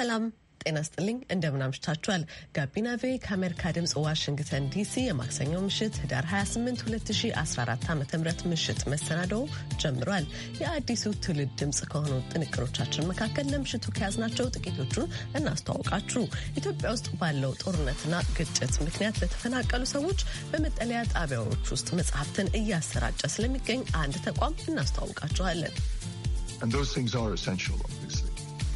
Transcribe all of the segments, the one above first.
ሰላም ጤና ስጥልኝ እንደምን አምሽታችኋል። ጋቢና ቬ ከአሜሪካ ድምፅ ዋሽንግተን ዲሲ የማክሰኞው ምሽት ህዳር 28 2014 ዓ ም ምሽት መሰናደው ጀምሯል። የአዲሱ ትውልድ ድምፅ ከሆኑ ጥንቅሮቻችን መካከል ለምሽቱ ከያዝናቸው ጥቂቶቹን እናስተዋውቃችሁ። ኢትዮጵያ ውስጥ ባለው ጦርነትና ግጭት ምክንያት ለተፈናቀሉ ሰዎች በመጠለያ ጣቢያዎች ውስጥ መጽሐፍትን እያሰራጨ ስለሚገኝ አንድ ተቋም እናስተዋውቃችኋለን። And those things are essential, obviously.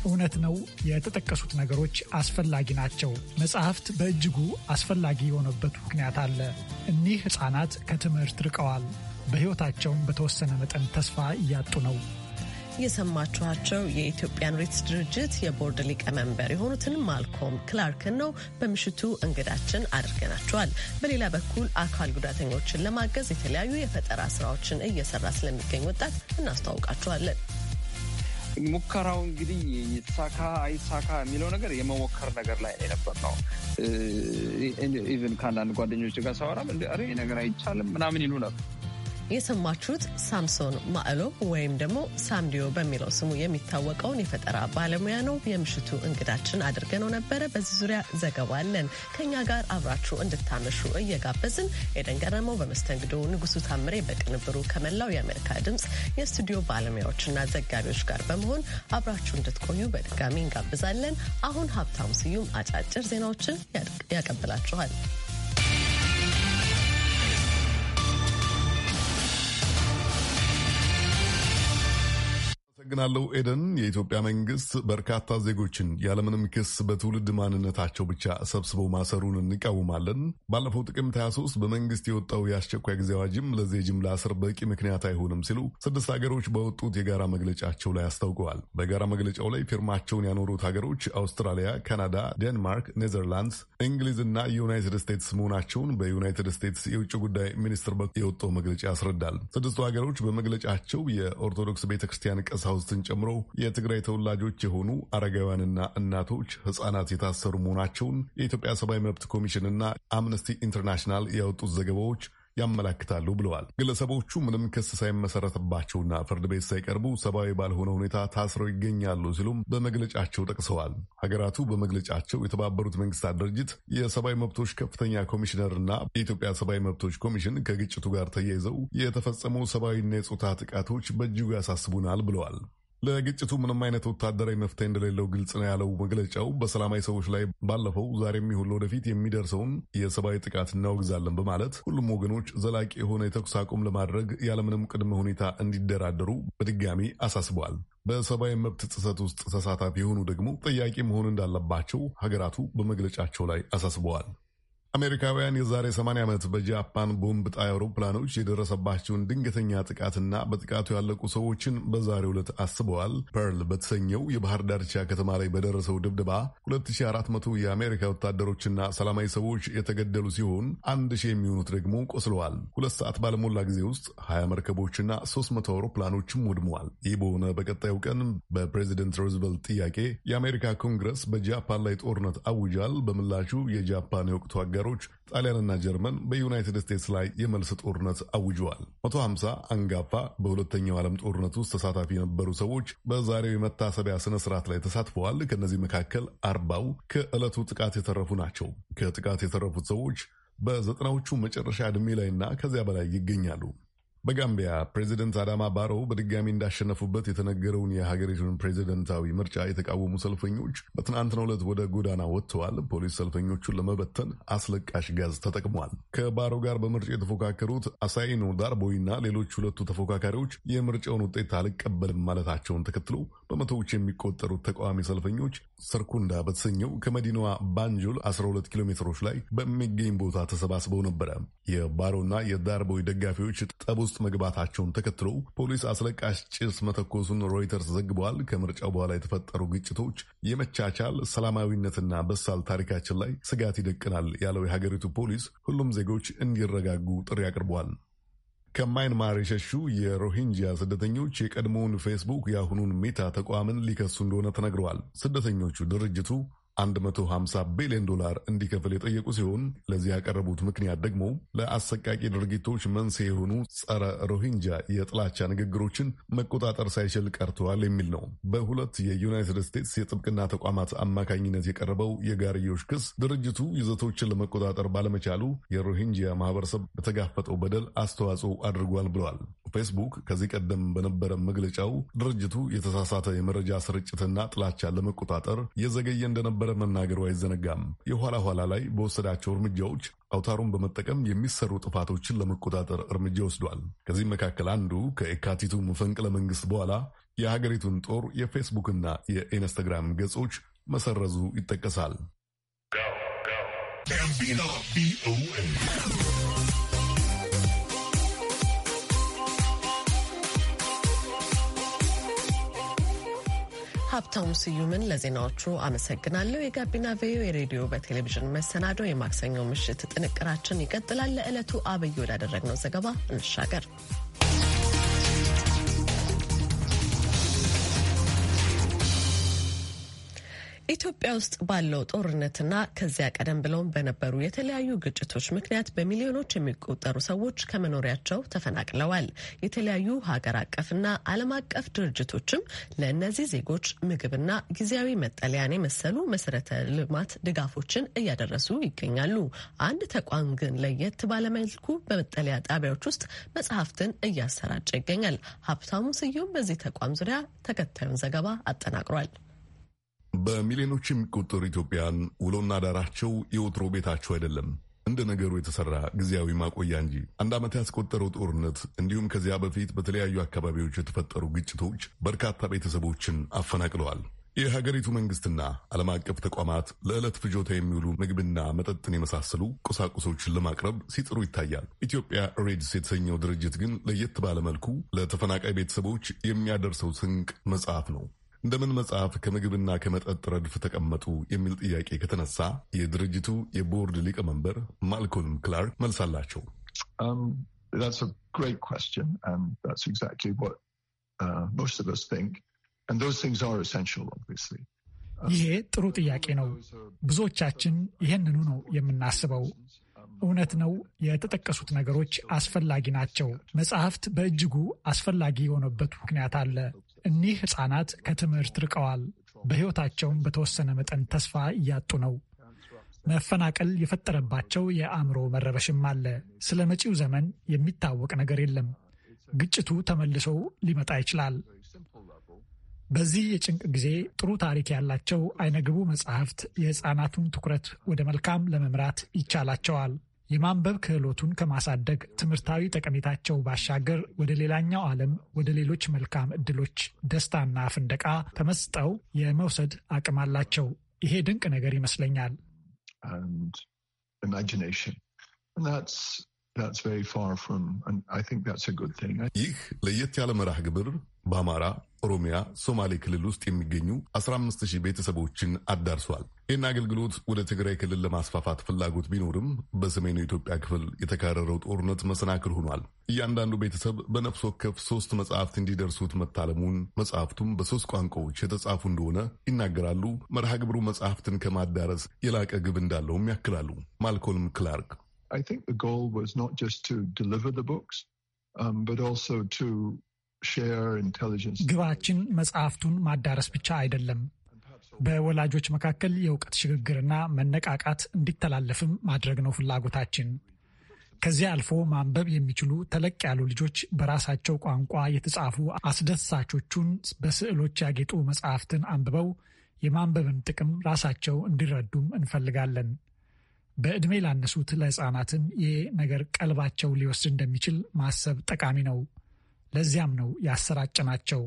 እውነት ነው የተጠቀሱት ነገሮች አስፈላጊ ናቸው። መጽሐፍት በእጅጉ አስፈላጊ የሆነበት ምክንያት አለ። እኒህ ሕፃናት ከትምህርት ርቀዋል፣ በሕይወታቸውም በተወሰነ መጠን ተስፋ እያጡ ነው። የሰማችኋቸው የኢትዮጵያን ሬትስ ድርጅት የቦርድ ሊቀመንበር የሆኑትን ማልኮም ክላርክን ነው በምሽቱ እንግዳችን አድርገናቸዋል። በሌላ በኩል አካል ጉዳተኞችን ለማገዝ የተለያዩ የፈጠራ ስራዎችን እየሰራ ስለሚገኝ ወጣት እናስተዋውቃችኋለን። ሙከራው እንግዲህ ይሳካ አይሳካ የሚለው ነገር የመሞከር ነገር ላይ የነበር ነው። ኢቨን ከአንዳንድ ጓደኞች ጋር ሳወራም ነገር አይቻልም ምናምን ይሉ ነበር። የሰማችሁት ሳምሶን ማዕሎ ወይም ደግሞ ሳምዲዮ በሚለው ስሙ የሚታወቀውን የፈጠራ ባለሙያ ነው። የምሽቱ እንግዳችን አድርገነው ነበረ። በዚህ ዙሪያ ዘገባ አለን። ከእኛ ጋር አብራችሁ እንድታመሹ እየጋበዝን ኤደን ገረመው በመስተንግዶ ንጉሱ ታምሬ በቅንብሩ ከመላው የአሜሪካ ድምፅ የስቱዲዮ ባለሙያዎችና ዘጋቢዎች ጋር በመሆን አብራችሁ እንድትቆዩ በድጋሚ እንጋብዛለን። አሁን ሀብታሙ ስዩም አጫጭር ዜናዎችን ያቀብላችኋል። አመሰግናለሁ ኤደን። የኢትዮጵያ መንግስት በርካታ ዜጎችን ያለምንም ክስ በትውልድ ማንነታቸው ብቻ ሰብስበው ማሰሩን እንቃወማለን። ባለፈው ጥቅምት 23 በመንግስት የወጣው የአስቸኳይ ጊዜ አዋጅም ለዚህ የጅምላ እስር በቂ ምክንያት አይሆንም ሲሉ ስድስት ሀገሮች በወጡት የጋራ መግለጫቸው ላይ አስታውቀዋል። በጋራ መግለጫው ላይ ፊርማቸውን ያኖሩት ሀገሮች አውስትራሊያ፣ ካናዳ፣ ዴንማርክ፣ ኔዘርላንድስ፣ እንግሊዝና ዩናይትድ ስቴትስ መሆናቸውን በዩናይትድ ስቴትስ የውጭ ጉዳይ ሚኒስትር የወጣው መግለጫ ያስረዳል። ስድስቱ ሀገሮች በመግለጫቸው የኦርቶዶክስ ቤተክርስቲያን ቀሳ ቀሳውስትን ጨምሮ የትግራይ ተወላጆች የሆኑ አረጋውያንና እናቶች፣ ህጻናት የታሰሩ መሆናቸውን የኢትዮጵያ ሰብአዊ መብት ኮሚሽንና አምነስቲ ኢንተርናሽናል ያወጡት ዘገባዎች ያመላክታሉ ብለዋል። ግለሰቦቹ ምንም ክስ ሳይመሰረትባቸውና ፍርድ ቤት ሳይቀርቡ ሰብአዊ ባልሆነ ሁኔታ ታስረው ይገኛሉ ሲሉም በመግለጫቸው ጠቅሰዋል። ሀገራቱ በመግለጫቸው የተባበሩት መንግስታት ድርጅት የሰብአዊ መብቶች ከፍተኛ ኮሚሽነር እና የኢትዮጵያ ሰብአዊ መብቶች ኮሚሽን ከግጭቱ ጋር ተያይዘው የተፈጸሙ ሰብአዊና የጾታ ጥቃቶች በእጅጉ ያሳስቡናል ብለዋል። ለግጭቱ ምንም አይነት ወታደራዊ መፍትሄ እንደሌለው ግልጽ ነው ያለው መግለጫው በሰላማዊ ሰዎች ላይ ባለፈው ዛሬም ይሁን ለወደፊት የሚደርሰውን የሰብአዊ ጥቃት እናወግዛለን በማለት ሁሉም ወገኖች ዘላቂ የሆነ የተኩስ አቁም ለማድረግ ያለምንም ቅድመ ሁኔታ እንዲደራደሩ በድጋሚ አሳስበዋል። በሰብአዊ መብት ጥሰት ውስጥ ተሳታፊ የሆኑ ደግሞ ጠያቂ መሆን እንዳለባቸው ሀገራቱ በመግለጫቸው ላይ አሳስበዋል። አሜሪካውያን የዛሬ 80 ዓመት በጃፓን ቦምብ ጣይ አውሮፕላኖች የደረሰባቸውን ድንገተኛ ጥቃትና በጥቃቱ ያለቁ ሰዎችን በዛሬ ዕለት አስበዋል። ፐርል በተሰኘው የባህር ዳርቻ ከተማ ላይ በደረሰው ድብደባ 2400 የአሜሪካ ወታደሮችና ሰላማዊ ሰዎች የተገደሉ ሲሆን አንድ ሺህ የሚሆኑት ደግሞ ቆስለዋል። ሁለት ሰዓት ባለሞላ ጊዜ ውስጥ 20 መርከቦችና 300 አውሮፕላኖችም ወድመዋል። ይህ በሆነ በቀጣዩ ቀን በፕሬዚደንት ሮዝቨልት ጥያቄ የአሜሪካ ኮንግረስ በጃፓን ላይ ጦርነት አውጃል። በምላሹ የጃፓን የወቅቱ አገር ሀገሮች ጣሊያንና ጀርመን በዩናይትድ ስቴትስ ላይ የመልስ ጦርነት አውጀዋል። 150 አንጋፋ በሁለተኛው ዓለም ጦርነት ውስጥ ተሳታፊ የነበሩ ሰዎች በዛሬው የመታሰቢያ ስነ ስርዓት ላይ ተሳትፈዋል። ከእነዚህ መካከል አርባው ከዕለቱ ጥቃት የተረፉ ናቸው። ከጥቃት የተረፉት ሰዎች በዘጠናዎቹ መጨረሻ ዕድሜ ላይና ከዚያ በላይ ይገኛሉ። በጋምቢያ ፕሬዚደንት አዳማ ባሮ በድጋሚ እንዳሸነፉበት የተነገረውን የሀገሪቱን ፕሬዚደንታዊ ምርጫ የተቃወሙ ሰልፈኞች በትናንትናው ዕለት ወደ ጎዳና ወጥተዋል። ፖሊስ ሰልፈኞቹን ለመበተን አስለቃሽ ጋዝ ተጠቅሟል። ከባሮ ጋር በምርጫ የተፎካከሩት አሳይኖ እና ሌሎች ሁለቱ ተፎካካሪዎች የምርጫውን ውጤት አልቀበልም ማለታቸውን ተከትሎ በመቶዎች የሚቆጠሩት ተቃዋሚ ሰልፈኞች ሰርኩንዳ በተሰኘው ከመዲናዋ ባንጆል 12 ኪሎ ሜትሮች ላይ በሚገኝ ቦታ ተሰባስበው ነበረ። የባሮና የዳርቦይ ደጋፊዎች ጠብ ውስጥ መግባታቸውን ተከትሎ ፖሊስ አስለቃሽ ጭስ መተኮሱን ሮይተርስ ዘግበዋል። ከምርጫው በኋላ የተፈጠሩ ግጭቶች የመቻቻል ሰላማዊነትና በሳል ታሪካችን ላይ ስጋት ይደቅናል ያለው የሀገሪቱ ፖሊስ ሁሉም ዜጎች እንዲረጋጉ ጥሪ አቅርበዋል። ከማይንማር የሸሹ የሮሂንጂያ ስደተኞች የቀድሞውን ፌስቡክ የአሁኑን ሜታ ተቋምን ሊከሱ እንደሆነ ተነግረዋል። ስደተኞቹ ድርጅቱ 150 ቢሊዮን ዶላር እንዲከፍል የጠየቁ ሲሆን ለዚህ ያቀረቡት ምክንያት ደግሞ ለአሰቃቂ ድርጊቶች መንስኤ የሆኑ ጸረ ሮሂንጃ የጥላቻ ንግግሮችን መቆጣጠር ሳይችል ቀርተዋል የሚል ነው። በሁለት የዩናይትድ ስቴትስ የጥብቅና ተቋማት አማካኝነት የቀረበው የጋርዮሽ ክስ ድርጅቱ ይዘቶችን ለመቆጣጠር ባለመቻሉ የሮሂንጂያ ማህበረሰብ በተጋፈጠው በደል አስተዋጽኦ አድርጓል ብለዋል። ፌስቡክ ከዚህ ቀደም በነበረ መግለጫው ድርጅቱ የተሳሳተ የመረጃ ስርጭትና ጥላቻ ለመቆጣጠር የዘገየ እንደነበረ እንደነበረ መናገሩ አይዘነጋም። የኋላ ኋላ ላይ በወሰዳቸው እርምጃዎች አውታሩን በመጠቀም የሚሰሩ ጥፋቶችን ለመቆጣጠር እርምጃ ወስዷል። ከዚህም መካከል አንዱ ከየካቲቱ መፈንቅለ መንግስት በኋላ የሀገሪቱን ጦር የፌስቡክና የኢንስታግራም ገጾች መሰረዙ ይጠቀሳል። ሀብታሙ ስዩምን ለዜናዎቹ አመሰግናለሁ። የጋቢና ቪኦኤ የሬዲዮ በቴሌቪዥን መሰናዶ የማክሰኞ ምሽት ጥንቅራችን ይቀጥላል። ለዕለቱ አብይ ወዳደረግነው ዘገባ እንሻገር። ኢትዮጵያ ውስጥ ባለው ጦርነትና ከዚያ ቀደም ብለውም በነበሩ የተለያዩ ግጭቶች ምክንያት በሚሊዮኖች የሚቆጠሩ ሰዎች ከመኖሪያቸው ተፈናቅለዋል። የተለያዩ ሀገር አቀፍና ዓለም አቀፍ ድርጅቶችም ለእነዚህ ዜጎች ምግብና ጊዜያዊ መጠለያን የመሰሉ መሰረተ ልማት ድጋፎችን እያደረሱ ይገኛሉ። አንድ ተቋም ግን ለየት ባለመልኩ በመጠለያ ጣቢያዎች ውስጥ መጽሐፍትን እያሰራጨ ይገኛል። ሀብታሙ ስዩም በዚህ ተቋም ዙሪያ ተከታዩን ዘገባ አጠናቅሯል። በሚሊዮኖች የሚቆጠሩ ኢትዮጵያን ውሎና አዳራቸው የወትሮ ቤታቸው አይደለም እንደ ነገሩ የተሰራ ጊዜያዊ ማቆያ እንጂ። አንድ ዓመት ያስቆጠረው ጦርነት እንዲሁም ከዚያ በፊት በተለያዩ አካባቢዎች የተፈጠሩ ግጭቶች በርካታ ቤተሰቦችን አፈናቅለዋል። የሀገሪቱ መንግስትና ዓለም አቀፍ ተቋማት ለዕለት ፍጆታ የሚውሉ ምግብና መጠጥን የመሳሰሉ ቁሳቁሶችን ለማቅረብ ሲጥሩ ይታያል። ኢትዮጵያ ሬድስ የተሰኘው ድርጅት ግን ለየት ባለ መልኩ ለተፈናቃይ ቤተሰቦች የሚያደርሰው ስንቅ መጽሐፍ ነው። እንደምን መጽሐፍ ከምግብና ከመጠጥ ረድፍ ተቀመጡ የሚል ጥያቄ ከተነሳ የድርጅቱ የቦርድ ሊቀመንበር ማልኮልም ክላርክ መልሳላቸው። um, uh, um, ይሄ ጥሩ ጥያቄ ነው። ብዙዎቻችን ይህንኑ ነው የምናስበው። እውነት ነው። የተጠቀሱት ነገሮች አስፈላጊ ናቸው። መጽሐፍት በእጅጉ አስፈላጊ የሆነበት ምክንያት አለ። እኒህ ሕፃናት ከትምህርት ርቀዋል። በሕይወታቸውም በተወሰነ መጠን ተስፋ እያጡ ነው። መፈናቀል የፈጠረባቸው የአእምሮ መረበሽም አለ። ስለ መጪው ዘመን የሚታወቅ ነገር የለም። ግጭቱ ተመልሶ ሊመጣ ይችላል። በዚህ የጭንቅ ጊዜ ጥሩ ታሪክ ያላቸው አይነግቡ መጻሕፍት የሕፃናቱን ትኩረት ወደ መልካም ለመምራት ይቻላቸዋል። የማንበብ ክህሎቱን ከማሳደግ ትምህርታዊ ጠቀሜታቸው ባሻገር ወደ ሌላኛው ዓለም ወደ ሌሎች መልካም ዕድሎች ደስታና ፍንደቃ ተመስጠው የመውሰድ አቅም አላቸው። ይሄ ድንቅ ነገር ይመስለኛል። ይህ ለየት ያለ መርሃ ግብር በአማራ፣ ኦሮሚያ፣ ሶማሌ ክልል ውስጥ የሚገኙ 15000 ቤተሰቦችን አዳርሷል። ይህን አገልግሎት ወደ ትግራይ ክልል ለማስፋፋት ፍላጎት ቢኖርም በሰሜኑ የኢትዮጵያ ክፍል የተካረረው ጦርነት መሰናክል ሆኗል። እያንዳንዱ ቤተሰብ በነፍስ ወከፍ ሶስት መጽሐፍት እንዲደርሱት መታለሙን፣ መጽሐፍቱም በሶስት ቋንቋዎች የተጻፉ እንደሆነ ይናገራሉ። መርሃ ግብሩ መጽሐፍትን ከማዳረስ የላቀ ግብ እንዳለውም ያክላሉ ማልኮልም ክላርክ I think the goal was not just to deliver the books, um, but also to share intelligence. ግባችን መጽሐፍቱን ማዳረስ ብቻ አይደለም፣ በወላጆች መካከል የእውቀት ሽግግርና መነቃቃት እንዲተላለፍም ማድረግ ነው ፍላጎታችን። ከዚህ አልፎ ማንበብ የሚችሉ ተለቅ ያሉ ልጆች በራሳቸው ቋንቋ የተጻፉ አስደሳቾቹን በስዕሎች ያጌጡ መጽሐፍትን አንብበው የማንበብን ጥቅም ራሳቸው እንዲረዱም እንፈልጋለን። በዕድሜ ላነሱት ለሕፃናትም ይህ ነገር ቀልባቸው ሊወስድ እንደሚችል ማሰብ ጠቃሚ ነው። ለዚያም ነው ናቸው።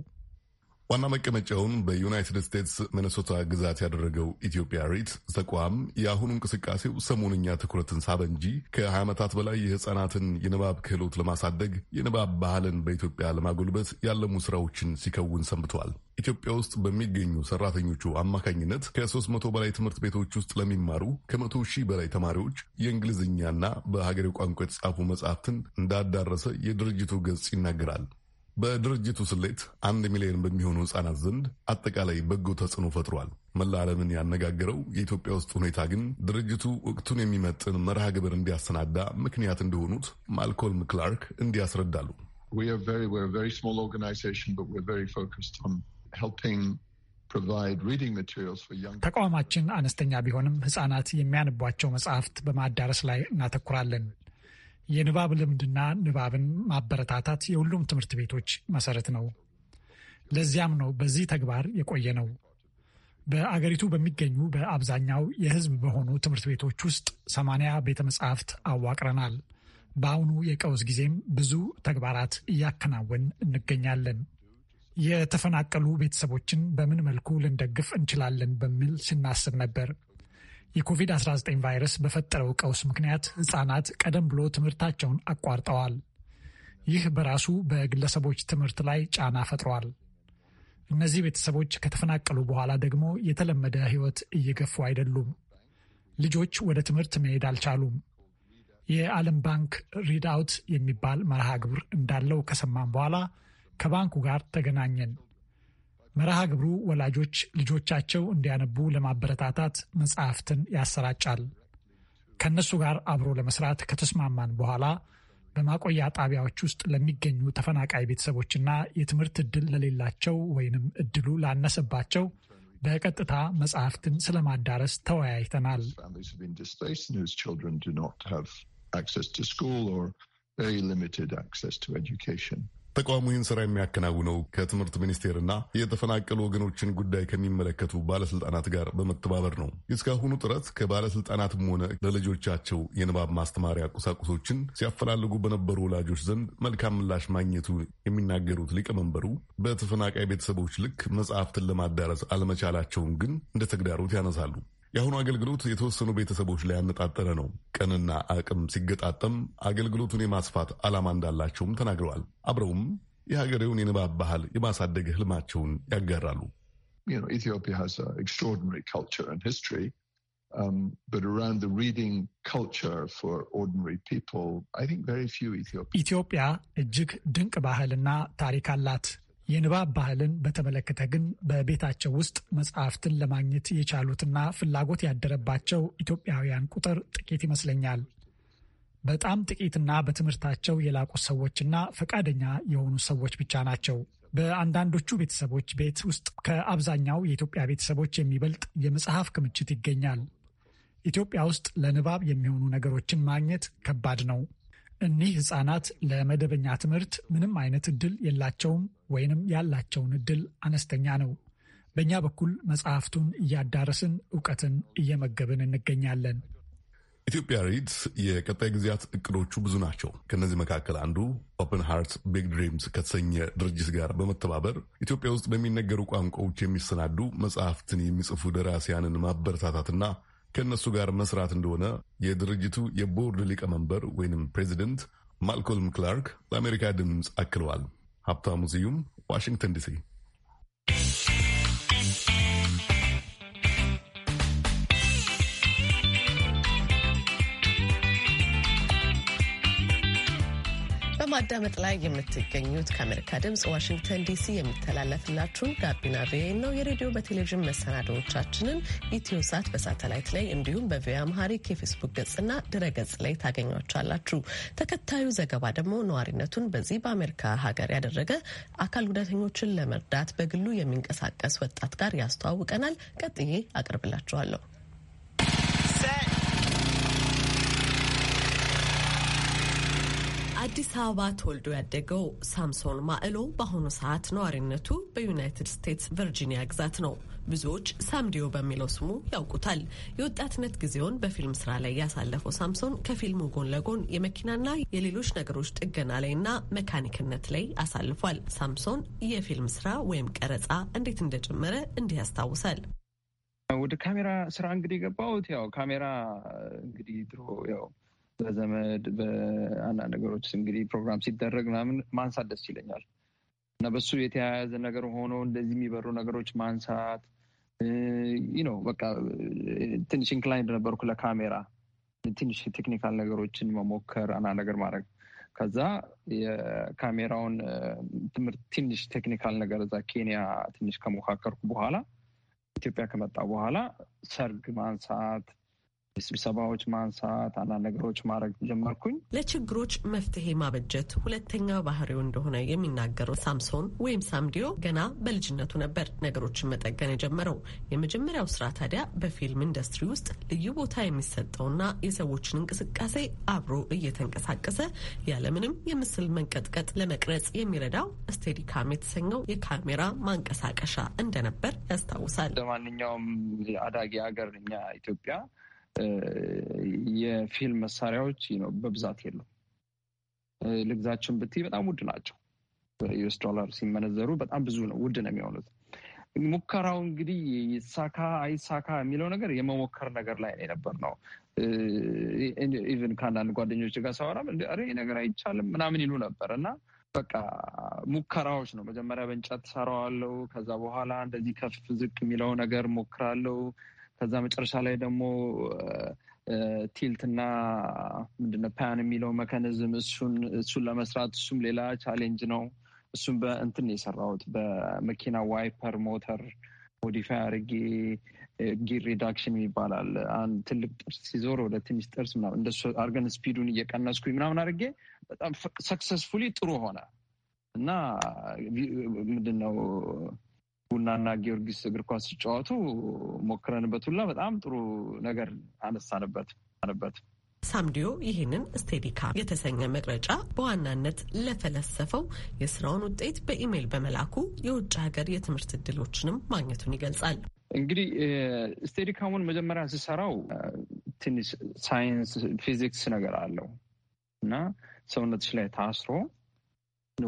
ዋና መቀመጫውን በዩናይትድ ስቴትስ ሚነሶታ ግዛት ያደረገው ኢትዮጵያ ሪት ተቋም የአሁኑ እንቅስቃሴው ሰሞንኛ ትኩረትን ሳበ እንጂ ከ20 ዓመታት በላይ የሕፃናትን የንባብ ክህሎት ለማሳደግ የንባብ ባህልን በኢትዮጵያ ለማጎልበት ያለሙ ስራዎችን ሲከውን ሰንብተዋል። ኢትዮጵያ ውስጥ በሚገኙ ሰራተኞቹ አማካኝነት ከሶስት መቶ በላይ ትምህርት ቤቶች ውስጥ ለሚማሩ ከመቶ ሺህ በላይ ተማሪዎች የእንግሊዝኛና በሀገሬ ቋንቋ የተጻፉ መጽሐፍትን እንዳዳረሰ የድርጅቱ ገጽ ይናገራል። በድርጅቱ ስሌት አንድ ሚሊዮን በሚሆኑ ህጻናት ዘንድ አጠቃላይ በጎ ተጽዕኖ ፈጥሯል። መላ ዓለምን ያነጋገረው የኢትዮጵያ ውስጥ ሁኔታ ግን ድርጅቱ ወቅቱን የሚመጥን መርሃ ግብር እንዲያሰናዳ ምክንያት እንደሆኑት ማልኮልም ክላርክ እንዲያስረዳሉ። ተቋማችን አነስተኛ ቢሆንም ህጻናት የሚያነቧቸው መጽሐፍት በማዳረስ ላይ እናተኩራለን። የንባብ ልምድና ንባብን ማበረታታት የሁሉም ትምህርት ቤቶች መሰረት ነው። ለዚያም ነው በዚህ ተግባር የቆየ ነው። በአገሪቱ በሚገኙ በአብዛኛው የህዝብ በሆኑ ትምህርት ቤቶች ውስጥ ሰማንያ ቤተ መጽሐፍት አዋቅረናል። በአሁኑ የቀውስ ጊዜም ብዙ ተግባራት እያከናወን እንገኛለን። የተፈናቀሉ ቤተሰቦችን በምን መልኩ ልንደግፍ እንችላለን በሚል ስናስብ ነበር። የኮቪድ-19 ቫይረስ በፈጠረው ቀውስ ምክንያት ህጻናት ቀደም ብሎ ትምህርታቸውን አቋርጠዋል። ይህ በራሱ በግለሰቦች ትምህርት ላይ ጫና ፈጥሯል። እነዚህ ቤተሰቦች ከተፈናቀሉ በኋላ ደግሞ የተለመደ ህይወት እየገፉ አይደሉም። ልጆች ወደ ትምህርት መሄድ አልቻሉም። የዓለም ባንክ ሪድ አውት የሚባል መርሃ ግብር እንዳለው ከሰማም በኋላ ከባንኩ ጋር ተገናኘን። መርሃ ግብሩ ወላጆች ልጆቻቸው እንዲያነቡ ለማበረታታት መጽሐፍትን ያሰራጫል። ከእነሱ ጋር አብሮ ለመስራት ከተስማማን በኋላ በማቆያ ጣቢያዎች ውስጥ ለሚገኙ ተፈናቃይ ቤተሰቦችና የትምህርት ዕድል ለሌላቸው ወይንም ዕድሉ ላነሰባቸው በቀጥታ መጽሐፍትን ስለማዳረስ ተወያይተናል። ተቋሙ ይህን ስራ የሚያከናውነው ከትምህርት ሚኒስቴርና የተፈናቀሉ ወገኖችን ጉዳይ ከሚመለከቱ ባለስልጣናት ጋር በመተባበር ነው። እስካሁኑ ጥረት ከባለስልጣናትም ሆነ ለልጆቻቸው የንባብ ማስተማሪያ ቁሳቁሶችን ሲያፈላልጉ በነበሩ ወላጆች ዘንድ መልካም ምላሽ ማግኘቱ የሚናገሩት ሊቀመንበሩ በተፈናቃይ ቤተሰቦች ልክ መጽሐፍትን ለማዳረስ አለመቻላቸውን ግን እንደ ተግዳሮት ያነሳሉ። የአሁኑ አገልግሎት የተወሰኑ ቤተሰቦች ላይ ያነጣጠረ ነው። ቀንና አቅም ሲገጣጠም አገልግሎቱን የማስፋት ዓላማ እንዳላቸውም ተናግረዋል። አብረውም የሀገሬውን የንባብ ባህል የማሳደግ ህልማቸውን ያጋራሉ። ኢትዮጵያ ኢትዮጵያ እጅግ ድንቅ ባህልና ታሪክ አላት። የንባብ ባህልን በተመለከተ ግን በቤታቸው ውስጥ መጽሐፍትን ለማግኘት የቻሉትና ፍላጎት ያደረባቸው ኢትዮጵያውያን ቁጥር ጥቂት ይመስለኛል። በጣም ጥቂትና በትምህርታቸው የላቁ ሰዎችና ፈቃደኛ የሆኑ ሰዎች ብቻ ናቸው። በአንዳንዶቹ ቤተሰቦች ቤት ውስጥ ከአብዛኛው የኢትዮጵያ ቤተሰቦች የሚበልጥ የመጽሐፍ ክምችት ይገኛል። ኢትዮጵያ ውስጥ ለንባብ የሚሆኑ ነገሮችን ማግኘት ከባድ ነው። እኒህ ህጻናት ለመደበኛ ትምህርት ምንም አይነት እድል የላቸውም ወይንም ያላቸውን እድል አነስተኛ ነው። በእኛ በኩል መጽሐፍቱን እያዳረስን እውቀትን እየመገብን እንገኛለን። ኢትዮጵያ ሪድስ የቀጣይ ጊዜያት እቅዶቹ ብዙ ናቸው። ከእነዚህ መካከል አንዱ ኦፕን ሃርት ቢግ ድሪምስ ከተሰኘ ድርጅት ጋር በመተባበር ኢትዮጵያ ውስጥ በሚነገሩ ቋንቋዎች የሚሰናዱ መጽሐፍትን የሚጽፉ ደራሲያንን ማበረታታትና ከእነሱ ጋር መስራት እንደሆነ የድርጅቱ የቦርድ ሊቀመንበር ወይም ፕሬዚደንት ማልኮልም ክላርክ ለአሜሪካ ድምፅ አክለዋል። ሀብታሙ ስዩም ዋሽንግተን ዲሲ በማዳመጥ ላይ የምትገኙት ከአሜሪካ ድምፅ ዋሽንግተን ዲሲ የሚተላለፍላችሁን ጋቢና ቪኦኤ ነው። የሬዲዮ በቴሌቪዥን መሰናዶዎቻችንን ኢትዮ ሳት በሳተላይት ላይ እንዲሁም በቪኦኤ አምሃሪክ የፌስቡክ ገጽና ድረ ገጽ ላይ ታገኟቸዋላችሁ። ተከታዩ ዘገባ ደግሞ ነዋሪነቱን በዚህ በአሜሪካ ሀገር ያደረገ አካል ጉዳተኞችን ለመርዳት በግሉ የሚንቀሳቀስ ወጣት ጋር ያስተዋውቀናል። ቀጥዬ አቅርብላችኋለሁ። በአዲስ አበባ ተወልዶ ያደገው ሳምሶን ማዕሎ በአሁኑ ሰዓት ነዋሪነቱ በዩናይትድ ስቴትስ ቨርጂኒያ ግዛት ነው። ብዙዎች ሳምዲዮ በሚለው ስሙ ያውቁታል። የወጣትነት ጊዜውን በፊልም ስራ ላይ ያሳለፈው ሳምሶን ከፊልሙ ጎን ለጎን የመኪናና የሌሎች ነገሮች ጥገና ላይና መካኒክነት ላይ አሳልፏል። ሳምሶን የፊልም ስራ ወይም ቀረጻ እንዴት እንደጀመረ እንዲህ ያስታውሳል። ወደ ካሜራ ስራ እንግዲህ የገባሁት ያው ካሜራ እንግዲህ ድሮ ያው በዘመድ በአንዳንድ ነገሮች እንግዲህ ፕሮግራም ሲደረግ ምናምን ማንሳት ደስ ይለኛል እና በሱ የተያያዘ ነገር ሆኖ እንደዚህ የሚበሩ ነገሮች ማንሳት ነው። በቃ ትንሽ ኢንክላይንድ ነበርኩ ለካሜራ፣ ትንሽ ቴክኒካል ነገሮችን መሞከር አና ነገር ማድረግ ከዛ የካሜራውን ትምህርት ትንሽ ቴክኒካል ነገር እዛ ኬንያ ትንሽ ከሞካከርኩ በኋላ ኢትዮጵያ ከመጣ በኋላ ሰርግ ማንሳት ስብሰባዎች ማንሳት፣ አንዳንድ ነገሮች ማድረግ ጀመርኩኝ። ለችግሮች መፍትሄ ማበጀት ሁለተኛ ባህሪው እንደሆነ የሚናገረው ሳምሶን ወይም ሳምዲዮ ገና በልጅነቱ ነበር ነገሮችን መጠገን የጀመረው። የመጀመሪያው ስራ ታዲያ በፊልም ኢንዱስትሪ ውስጥ ልዩ ቦታ የሚሰጠውና የሰዎችን እንቅስቃሴ አብሮ እየተንቀሳቀሰ ያለምንም የምስል መንቀጥቀጥ ለመቅረጽ የሚረዳው ስቴዲካም የተሰኘው የካሜራ ማንቀሳቀሻ እንደነበር ያስታውሳል። ለማንኛውም አዳጊ ሀገር እኛ ኢትዮጵያ የፊልም መሳሪያዎች በብዛት የሉም። ልግዛችን ብትይ በጣም ውድ ናቸው። በዩኤስ ዶላር ሲመነዘሩ በጣም ብዙ ነው፣ ውድ ነው የሚሆኑት። ሙከራው እንግዲህ ይሳካ አይሳካ የሚለው ነገር የመሞከር ነገር ላይ የነበር ነው። ኢቨን ከአንዳንድ ጓደኞች ጋር ሳወራም ኧረ ነገር አይቻልም ምናምን ይሉ ነበር እና በቃ ሙከራዎች ነው። መጀመሪያ በእንጨት ሰራዋለው፣ ከዛ በኋላ እንደዚህ ከፍ ዝቅ የሚለው ነገር ሞክራለው፣ ከዛ መጨረሻ ላይ ደግሞ ቲልትና ምንድነው ፓን የሚለው መካኒዝም እሱን ለመስራት እሱም ሌላ ቻሌንጅ ነው። እሱም በእንትን የሰራሁት በመኪና ዋይፐር ሞተር ሞዲፋይ አድርጌ ጊር ሪዳክሽን ይባላል። አንድ ትልቅ ጥርስ ሲዞር ወደ ትንሽ ጥርስ ምናምን እንደሱ አድርገን ስፒዱን እየቀነስኩኝ ምናምን አድርጌ በጣም ሰክሰስፉሊ ጥሩ ሆነ እና ምንድነው ቡናና ጊዮርጊስ እግር ኳስ ሲጫወቱ ሞክረንበት ሁላ በጣም ጥሩ ነገር አነሳንበት አነበት። ሳምዲዮ ይህንን ስቴዲካ የተሰኘ መቅረጫ በዋናነት ለፈለሰፈው የስራውን ውጤት በኢሜይል በመላኩ የውጭ ሀገር የትምህርት እድሎችንም ማግኘቱን ይገልጻል። እንግዲህ ስቴዲካሙን መጀመሪያ ስሰራው ትንሽ ሳይንስ ፊዚክስ ነገር አለው እና ሰውነትሽ ላይ ታስሮ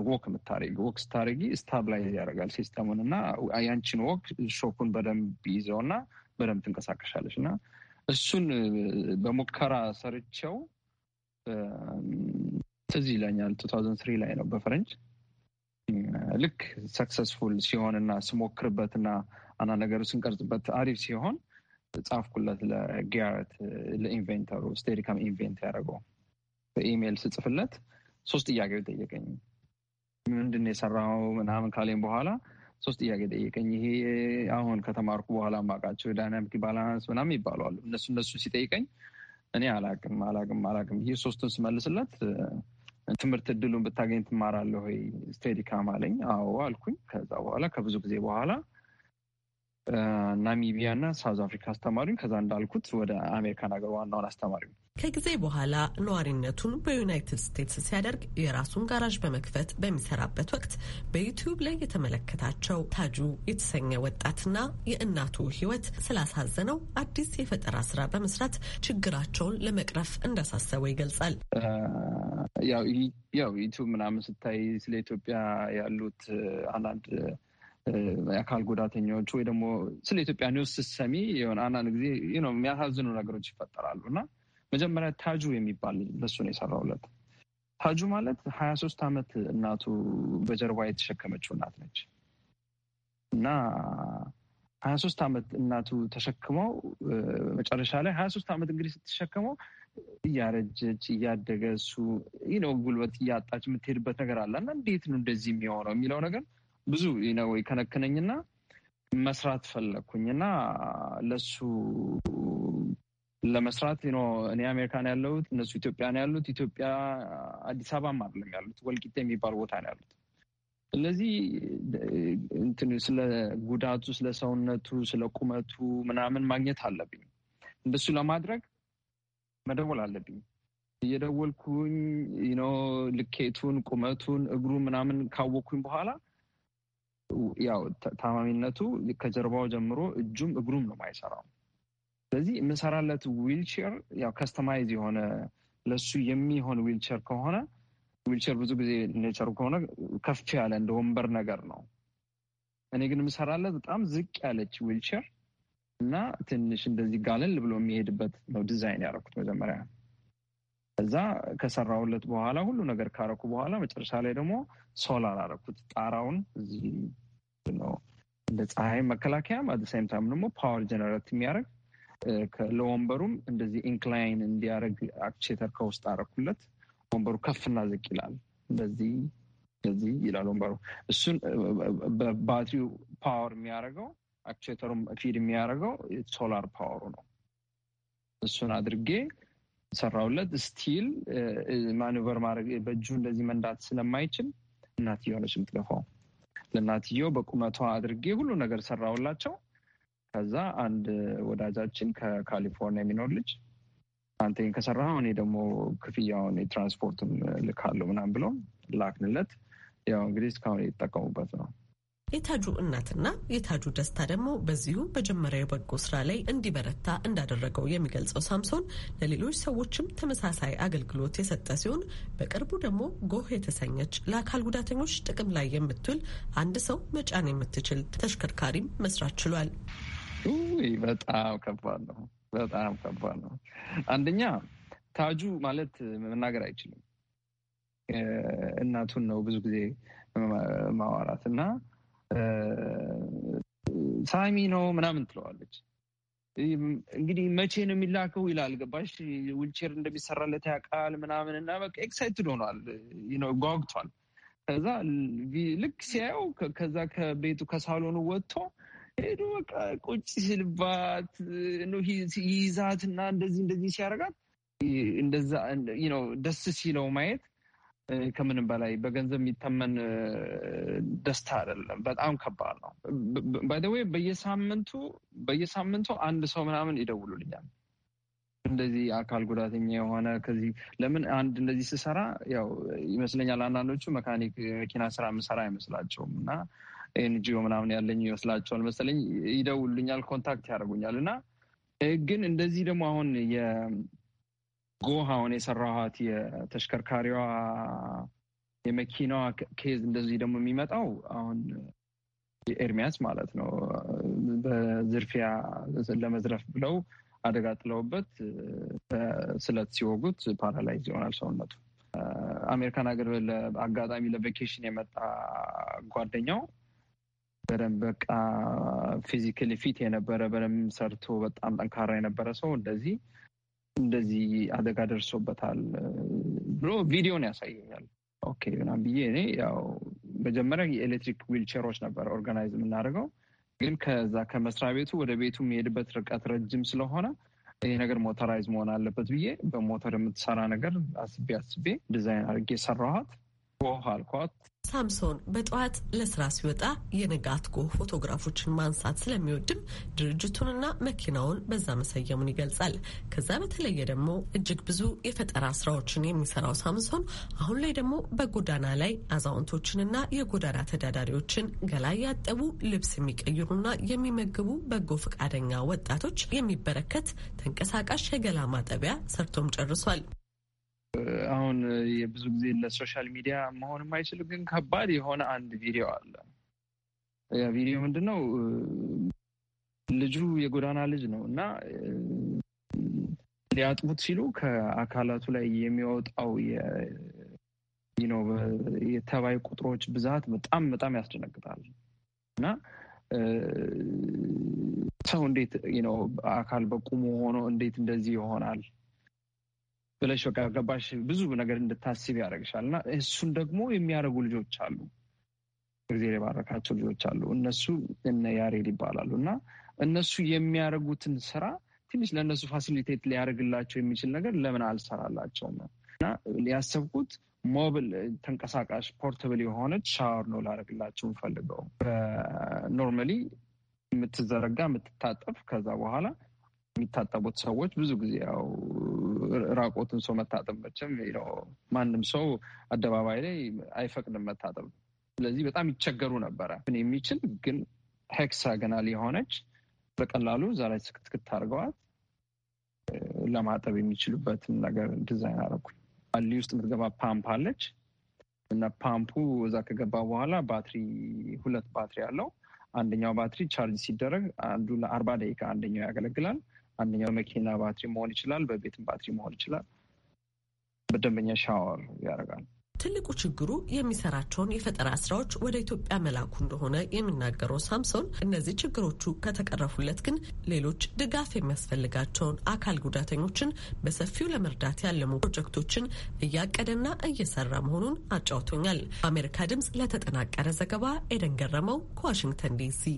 ወክ የምታደረጊ ወክ ስታደረጊ ስታብላይዝ ያደርጋል ሲስተሙን እና ያንቺን ወክ ሾኩን በደንብ ይዘው እና በደንብ ትንቀሳቀሻለች እና እሱን በሙከራ ሰርቸው ትዝ ይለኛል። ቱ ታውዘንድ ላይ ነው በፈረንጅ ልክ ሰክሰስፉል ሲሆንና እና አና ነገሩ ስንቀርጽበት አሪፍ ሲሆን ጻፍኩለት ለጊያረት ለኢንቨንተሩ ስቴሪካም ኢንቨንት ያደረገው በኢሜይል ስጽፍለት ሶስት ጥያቄዎች ጠየቀኝ። ምንድን የሰራው ምናምን ካለኝ በኋላ ሶስት ጥያቄ ጠየቀኝ። ይሄ አሁን ከተማርኩ በኋላ ማውቃቸው ዳይናሚክ ባላንስ ምናምን ይባለዋሉ። እነሱ እነሱ ሲጠይቀኝ እኔ አላቅም አላቅም አላቅም ይህ ሶስቱን ስመልስለት ትምህርት እድሉን ብታገኝ ትማራለህ ወይ ስቴዲካም አለኝ። አዎ አልኩኝ። ከዛ በኋላ ከብዙ ጊዜ በኋላ ናሚቢያ እና ሳውዝ አፍሪካ አስተማሪኝ። ከዛ እንዳልኩት ወደ አሜሪካን ሀገር ዋናውን አስተማሪኝ ከጊዜ በኋላ ነዋሪነቱን በዩናይትድ ስቴትስ ሲያደርግ የራሱን ጋራዥ በመክፈት በሚሰራበት ወቅት በዩቲዩብ ላይ የተመለከታቸው ታጁ የተሰኘ ወጣትና የእናቱ ሕይወት ስላሳዘነው አዲስ የፈጠራ ስራ በመስራት ችግራቸውን ለመቅረፍ እንዳሳሰበው ይገልጻል። ያው ዩቲዩብ ምናምን ስታይ ስለ ኢትዮጵያ ያሉት አንዳንድ የአካል ጉዳተኞች ወይ ደግሞ ስለ ኢትዮጵያ ኒውስ ስትሰሚ የሆነ አንዳንድ ጊዜ የሚያሳዝኑ ነገሮች ይፈጠራሉ እና መጀመሪያ ታጁ የሚባል በሱ ነው የሰራውለት። ታጁ ማለት ሀያ ሶስት አመት እናቱ በጀርባ የተሸከመችው እናት ነች እና ሀያ ሶስት አመት እናቱ ተሸክመው መጨረሻ ላይ ሀያ ሶስት አመት እንግዲህ ስትሸከመው እያረጀች እያደገ እሱ ነው ጉልበት እያጣች የምትሄድበት ነገር አለ እና እንዴት ነው እንደዚህ የሚሆነው የሚለው ነገር ብዙ ነው የከነከነኝና መስራት ፈለግኩኝ እና ለሱ ለመስራት እኔ አሜሪካን ያለሁት እነሱ ኢትዮጵያ ነው ያሉት። ኢትዮጵያ አዲስ አበባም አይደለም ያሉት፣ ወልቂጤ የሚባል ቦታ ነው ያሉት። ስለዚህ እንትን ስለ ጉዳቱ፣ ስለ ሰውነቱ፣ ስለ ቁመቱ ምናምን ማግኘት አለብኝ። እንደሱ ለማድረግ መደወል አለብኝ። እየደወልኩኝ ነው ልኬቱን፣ ቁመቱን፣ እግሩ ምናምን ካወቅኩኝ በኋላ ያው ታማሚነቱ ከጀርባው ጀምሮ እጁም እግሩም ነው ማይሰራው ስለዚህ የምንሰራለት ዊልቸር ያው ከስተማይዝ የሆነ ለሱ የሚሆን ዊልቸር ከሆነ ዊልቸር ብዙ ጊዜ ኔቸሩ ከሆነ ከፍ ያለ እንደ ወንበር ነገር ነው። እኔ ግን የምሰራለት በጣም ዝቅ ያለች ዊልቸር እና ትንሽ እንደዚህ ጋለል ብሎ የሚሄድበት ነው ዲዛይን ያደረኩት መጀመሪያ። ከዛ ከሰራሁለት በኋላ ሁሉ ነገር ካረኩ በኋላ መጨረሻ ላይ ደግሞ ሶላር አረኩት። ጣራውን እዚህ ነው እንደ ፀሐይ መከላከያም አደሳይም ታይም ደግሞ ፓወር ጀነሬት የሚያደርግ ለወንበሩም እንደዚህ ኢንክላይን እንዲያደርግ አክቼተር ከውስጥ አረኩለት። ወንበሩ ከፍና ዝቅ ይላል። እንደዚህ በዚህ ይላል ወንበሩ። እሱን በባትሪው ፓወር የሚያደርገው አክቼተሩም ፊድ የሚያደርገው ሶላር ፓወሩ ነው። እሱን አድርጌ ሰራውለት። ስቲል ማኒቨር ማድረግ በእጁ እንደዚህ መንዳት ስለማይችል እናትየው ነች የምትገፋው። ለእናትየው በቁመቷ አድርጌ ሁሉ ነገር ሰራውላቸው። ከዛ አንድ ወዳጃችን ከካሊፎርኒያ የሚኖር ልጅ አንተ ከሰራ እኔ ደግሞ ክፍያውን የትራንስፖርቱን ልካለሁ ምናም ብሎ ላክንለት። ያው እንግዲህ እስካሁን የተጠቀሙበት ነው። የታጁ እናትና የታጁ ደስታ ደግሞ በዚሁ በጀመሪያ የበጎ ስራ ላይ እንዲበረታ እንዳደረገው የሚገልጸው ሳምሶን ለሌሎች ሰዎችም ተመሳሳይ አገልግሎት የሰጠ ሲሆን በቅርቡ ደግሞ ጎህ የተሰኘች ለአካል ጉዳተኞች ጥቅም ላይ የምትውል አንድ ሰው መጫን የምትችል ተሽከርካሪም መስራት ችሏል። በጣም ከባድ ነው። በጣም ከባድ ነው። አንደኛ ታጁ ማለት መናገር አይችልም። እናቱን ነው ብዙ ጊዜ ማዋራት እና ሳሚ ነው ምናምን ትለዋለች። እንግዲህ መቼ ነው የሚላከው ይላል። ገባሽ ዊልቼር እንደሚሰራለት ያውቃል ምናምን እና በቃ ኤክሳይትድ ሆኗል፣ ጓጉቷል። ከዛ ልክ ሲያየው ከዛ ከቤቱ ከሳሎኑ ወጥቶ ሄዶ በቃ ቁጭ ሲልባት ይይዛት እና እንደዚህ እንደዚህ ሲያደርጋት እንደዛ ደስ ሲለው ማየት ከምንም በላይ በገንዘብ የሚተመን ደስታ አይደለም። በጣም ከባድ ነው። ባይደወይ በየሳምንቱ በየሳምንቱ አንድ ሰው ምናምን ይደውሉልኛል። እንደዚህ አካል ጉዳተኛ የሆነ ከዚህ ለምን አንድ እንደዚህ ስሰራ ያው ይመስለኛል አንዳንዶቹ መካኒክ መኪና ስራ ምሰራ አይመስላቸውም እና ኤንጂኦ ምናምን ያለኝ ይመስላቸዋል መሰለኝ። ይደውሉኛል፣ ኮንታክት ያደርጉኛል እና ግን እንደዚህ ደግሞ አሁን አሁን የሰራኋት የተሽከርካሪዋ የመኪናዋ ኬዝ እንደዚህ ደግሞ የሚመጣው አሁን ኤርሚያስ ማለት ነው በዝርፊያ ለመዝረፍ ብለው አደጋ ጥለውበት ስለት ሲወጉት ፓራላይዝ ይሆናል ሰውነቱ። አሜሪካን ሀገር አጋጣሚ ለቬኬሽን የመጣ ጓደኛው በደንብ በቃ ፊዚካሊ ፊት የነበረ በደንብ ሰርቶ በጣም ጠንካራ የነበረ ሰው እንደዚህ እንደዚህ አደጋ ደርሶበታል ብሎ ቪዲዮን ያሳየኛል። ኦኬ ምናምን ብዬ እኔ ያው መጀመሪያ የኤሌክትሪክ ዊልቸሮች ነበር ኦርጋናይዝ የምናደርገው፣ ግን ከዛ ከመስሪያ ቤቱ ወደ ቤቱ የሚሄድበት ርቀት ረጅም ስለሆነ ይሄ ነገር ሞተራይዝ መሆን አለበት ብዬ በሞተር የምትሰራ ነገር አስቤ አስቤ ዲዛይን አድርጌ ሰራኋት። አልኳት። ሳምሶን በጠዋት ለስራ ሲወጣ የንጋት ጎህ ፎቶግራፎችን ማንሳት ስለሚወድም ድርጅቱንና መኪናውን በዛ መሰየሙን ይገልጻል። ከዛ በተለየ ደግሞ እጅግ ብዙ የፈጠራ ስራዎችን የሚሰራው ሳምሶን አሁን ላይ ደግሞ በጎዳና ላይ አዛውንቶችንና የጎዳና ተዳዳሪዎችን ገላ ያጠቡ፣ ልብስ የሚቀይሩና የሚመግቡ በጎ ፈቃደኛ ወጣቶች የሚበረከት ተንቀሳቃሽ የገላ ማጠቢያ ሰርቶም ጨርሷል። አሁን የብዙ ጊዜ ለሶሻል ሚዲያ መሆን የማይችል ግን ከባድ የሆነ አንድ ቪዲዮ አለ። ያ ቪዲዮ ምንድን ነው? ልጁ የጎዳና ልጅ ነው እና ሊያጥቡት ሲሉ ከአካላቱ ላይ የሚወጣው ነው የተባይ ቁጥሮች ብዛት በጣም በጣም ያስደነግጣል እና ሰው እንዴት ነው አካል በቁሙ ሆኖ እንዴት እንደዚህ ይሆናል? ብለሽ በቃ ገባሽ ብዙ ነገር እንድታስብ ያደርግሻል። እና እሱን ደግሞ የሚያደርጉ ልጆች አሉ፣ እግዜር የባረካቸው ልጆች አሉ። እነሱ እነ ያሬድ ይባላሉ። እና እነሱ የሚያደርጉትን ስራ ትንሽ ለእነሱ ፋሲሊቴት ሊያደርግላቸው የሚችል ነገር ለምን አልሰራላቸውም እና ያሰብኩት ሞብል ተንቀሳቃሽ ፖርተብል የሆነች ሻወር ነው ላደርግላቸው እንፈልገው ኖርማሊ የምትዘረጋ የምትታጠፍ ከዛ በኋላ የሚታጠቡት ሰዎች ብዙ ጊዜ ያው ራቆትን ሰው መታጠብ መቼም ማንም ሰው አደባባይ ላይ አይፈቅድም መታጠብ። ስለዚህ በጣም ይቸገሩ ነበረ። የሚችል ግን ሄክሳገናል የሆነች በቀላሉ እዛ ላይ ስክትክት አድርገዋት ለማጠብ የሚችሉበትን ነገር ዲዛይን አደረኩኝ። አሊ ውስጥ የምትገባ ፓምፕ አለች እና ፓምፑ እዛ ከገባ በኋላ ባትሪ ሁለት ባትሪ አለው። አንደኛው ባትሪ ቻርጅ ሲደረግ አንዱ ለአርባ ደቂቃ አንደኛው ያገለግላል። አንደኛው መኪና ባትሪ መሆን ይችላል፣ በቤትም ባትሪ መሆን ይችላል። በደንበኛ ሻወር ያደርጋል። ትልቁ ችግሩ የሚሰራቸውን የፈጠራ ስራዎች ወደ ኢትዮጵያ መላኩ እንደሆነ የሚናገረው ሳምሶን እነዚህ ችግሮቹ ከተቀረፉለት ግን ሌሎች ድጋፍ የሚያስፈልጋቸውን አካል ጉዳተኞችን በሰፊው ለመርዳት ያለሙ ፕሮጀክቶችን እያቀደና እየሰራ መሆኑን አጫውቶኛል። በአሜሪካ ድምፅ ለተጠናቀረ ዘገባ ኤደን ገረመው ከዋሽንግተን ዲሲ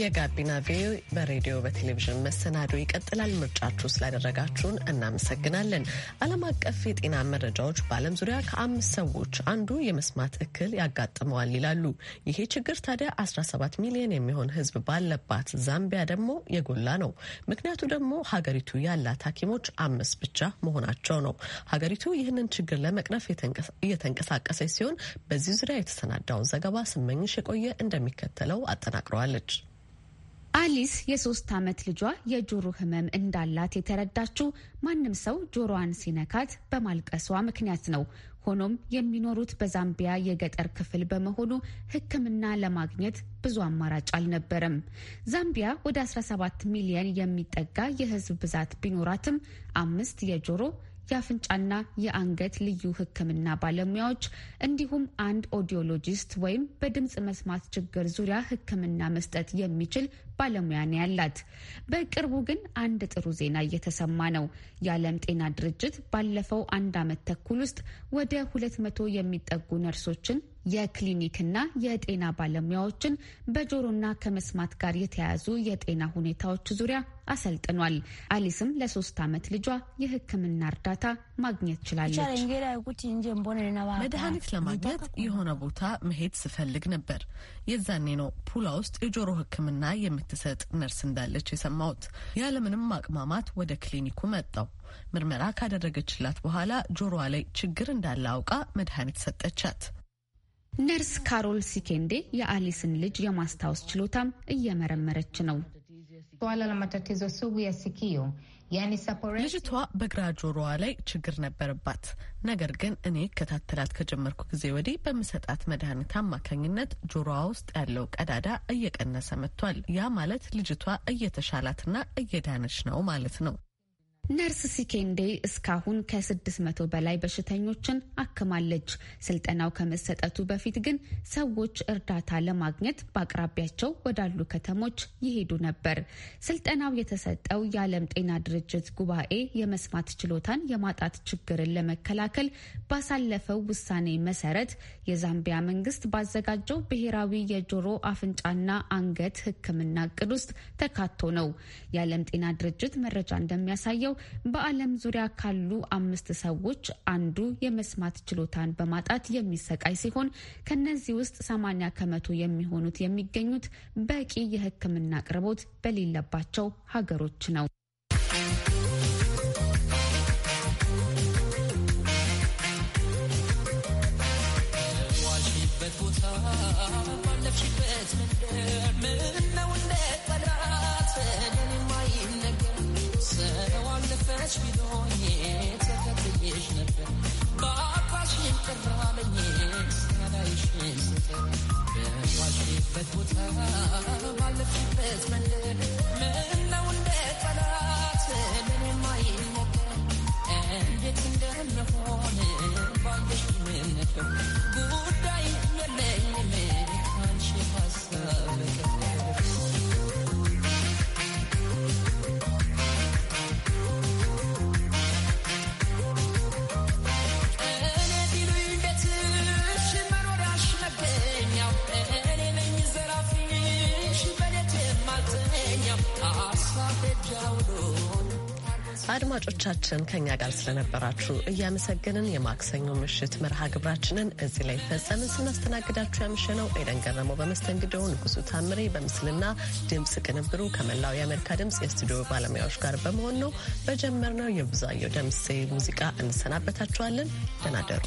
የጋቢና ቪ በሬዲዮ በቴሌቪዥን መሰናዶ ይቀጥላል። ምርጫችሁ ስላደረጋችሁን እናመሰግናለን። ዓለም አቀፍ የጤና መረጃዎች በዓለም ዙሪያ ከአምስት ሰዎች አንዱ የመስማት እክል ያጋጥመዋል ይላሉ። ይሄ ችግር ታዲያ 17 ሚሊዮን የሚሆን ሕዝብ ባለባት ዛምቢያ ደግሞ የጎላ ነው። ምክንያቱ ደግሞ ሀገሪቱ ያላት ሐኪሞች አምስት ብቻ መሆናቸው ነው። ሀገሪቱ ይህንን ችግር ለመቅረፍ እየተንቀሳቀሰች ሲሆን በዚህ ዙሪያ የተሰናዳውን ዘገባ ስመኝሽ የቆየ እንደሚከተለው አጠናቅረዋለች። አሊስ የሶስት ዓመት ልጇ የጆሮ ህመም እንዳላት የተረዳችው ማንም ሰው ጆሮዋን ሲነካት በማልቀሷ ምክንያት ነው። ሆኖም የሚኖሩት በዛምቢያ የገጠር ክፍል በመሆኑ ሕክምና ለማግኘት ብዙ አማራጭ አልነበረም። ዛምቢያ ወደ 17 ሚሊየን የሚጠጋ የህዝብ ብዛት ቢኖራትም አምስት የጆሮ የአፍንጫና የአንገት ልዩ ህክምና ባለሙያዎች እንዲሁም አንድ ኦዲዮሎጂስት ወይም በድምፅ መስማት ችግር ዙሪያ ህክምና መስጠት የሚችል ባለሙያን ያላት። በቅርቡ ግን አንድ ጥሩ ዜና እየተሰማ ነው። የዓለም ጤና ድርጅት ባለፈው አንድ ዓመት ተኩል ውስጥ ወደ ሁለት መቶ የሚጠጉ ነርሶችን የክሊኒክና የጤና ባለሙያዎችን በጆሮና ከመስማት ጋር የተያያዙ የጤና ሁኔታዎች ዙሪያ አሰልጥኗል። አሊስም ለሶስት ዓመት ልጇ የሕክምና እርዳታ ማግኘት ችላለች። መድኃኒት ለማግኘት የሆነ ቦታ መሄድ ስፈልግ ነበር። የዛኔ ነው ፑላ ውስጥ የጆሮ ሕክምና የምት የምትሰጥ ነርስ እንዳለች የሰማሁት። ያለምንም ማቅማማት ወደ ክሊኒኩ መጣው። ምርመራ ካደረገችላት በኋላ ጆሮዋ ላይ ችግር እንዳለ አውቃ መድኃኒት ሰጠቻት። ነርስ ካሮል ሲኬንዴ የአሊስን ልጅ የማስታወስ ችሎታም እየመረመረች ነው። ልጅቷ በግራ ጆሮዋ ላይ ችግር ነበረባት። ነገር ግን እኔ እከታተላት ከጀመርኩ ጊዜ ወዲህ በምሰጣት መድኃኒት አማካኝነት ጆሮዋ ውስጥ ያለው ቀዳዳ እየቀነሰ መጥቷል። ያ ማለት ልጅቷ እየተሻላትና እየዳነች ነው ማለት ነው። ነርስ ሲኬንዴ እስካሁን ከ600 በላይ በሽተኞችን አክማለች። ስልጠናው ከመሰጠቱ በፊት ግን ሰዎች እርዳታ ለማግኘት በአቅራቢያቸው ወዳሉ ከተሞች ይሄዱ ነበር። ስልጠናው የተሰጠው የዓለም ጤና ድርጅት ጉባኤ የመስማት ችሎታን የማጣት ችግርን ለመከላከል ባሳለፈው ውሳኔ መሰረት የዛምቢያ መንግስት ባዘጋጀው ብሔራዊ የጆሮ አፍንጫና አንገት ሕክምና እቅድ ውስጥ ተካቶ ነው። የዓለም ጤና ድርጅት መረጃ እንደሚያሳየው በዓለም ዙሪያ ካሉ አምስት ሰዎች አንዱ የመስማት ችሎታን በማጣት የሚሰቃይ ሲሆን ከነዚህ ውስጥ ሰማኒያ ከመቶ የሚሆኑት የሚገኙት በቂ የሕክምና አቅርቦት በሌለባቸው ሀገሮች ነው። አንቺ ቢሆኝ ተከትዬሽ ነበር በአባሽን ቅራለኝ ሳላይሽን ስጠር በዋሽበት ቦታ ባለፍበት መንደር ምነው እንደ ጠላት ለኔማ ይሞከር እንዴት እንደምሆን ባየሽ ነበር ጉዳይ የለኝም ከአንቺ ሀሳብ አድማጮቻችን ከኛ ጋር ስለነበራችሁ እያመሰገንን የማክሰኞ ምሽት መርሃ ግብራችንን እዚህ ላይ ፈጸምን። ስናስተናግዳችሁ ያምሸነው ኤደን ገረመው በመስተንግደው፣ ንጉሱ ታምሬ በምስልና ድምፅ ቅንብሩ ከመላው የአሜሪካ ድምፅ የስቱዲዮ ባለሙያዎች ጋር በመሆን ነው። በጀመርነው የብዛየው ደምሴ ሙዚቃ እንሰናበታችኋለን። ደናደሩ